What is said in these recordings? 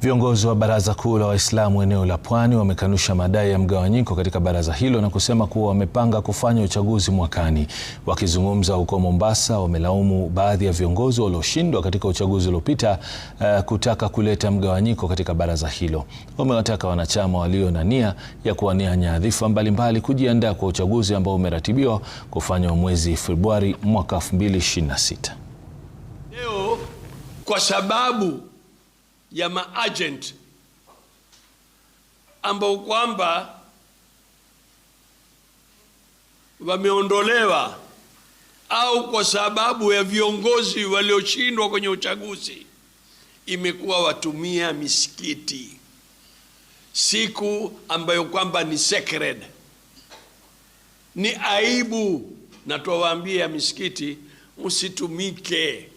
Viongozi wa Baraza Kuu la Waislamu eneo la Pwani wamekanusha madai ya mgawanyiko katika baraza hilo na kusema kuwa wamepanga kufanya uchaguzi mwakani. Wakizungumza huko Mombasa, wamelaumu baadhi ya viongozi walioshindwa katika uchaguzi uliopita uh, kutaka kuleta mgawanyiko katika baraza hilo. Wamewataka wanachama walio na nia ya kuwania nyadhifa mbalimbali kujiandaa kwa uchaguzi ambao umeratibiwa kufanywa mwezi Februari mwaka 2026. Leo kwa sababu ya maagent ambao kwamba wameondolewa au kwa sababu ya viongozi walioshindwa kwenye uchaguzi, imekuwa watumia misikiti siku ambayo kwamba ni sacred, ni aibu. Na tuwaambia misikiti msitumike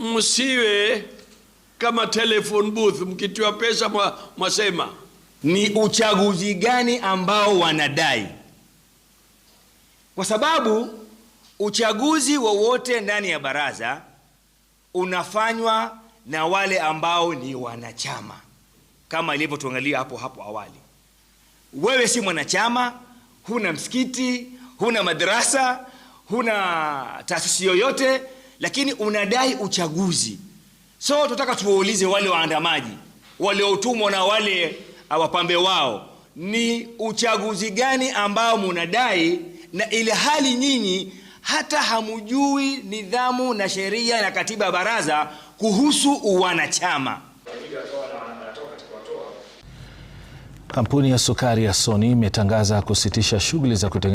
msiwe kama telephone booth, mkitiwa pesa mwasema ni uchaguzi gani ambao wanadai, kwa sababu uchaguzi wowote ndani ya baraza unafanywa na wale ambao ni wanachama, kama ilivyotuangalia hapo hapo awali. Wewe si mwanachama, huna msikiti, huna madarasa, huna taasisi yoyote lakini unadai uchaguzi. So tunataka tuwaulize wale waandamaji waliotumwa na wale ah, wapambe wao, ni uchaguzi gani ambao munadai, na ile hali nyinyi hata hamujui nidhamu na sheria na katiba ya baraza kuhusu uwanachama. Kampuni ya sukari ya soni imetangaza kusitisha shughuli za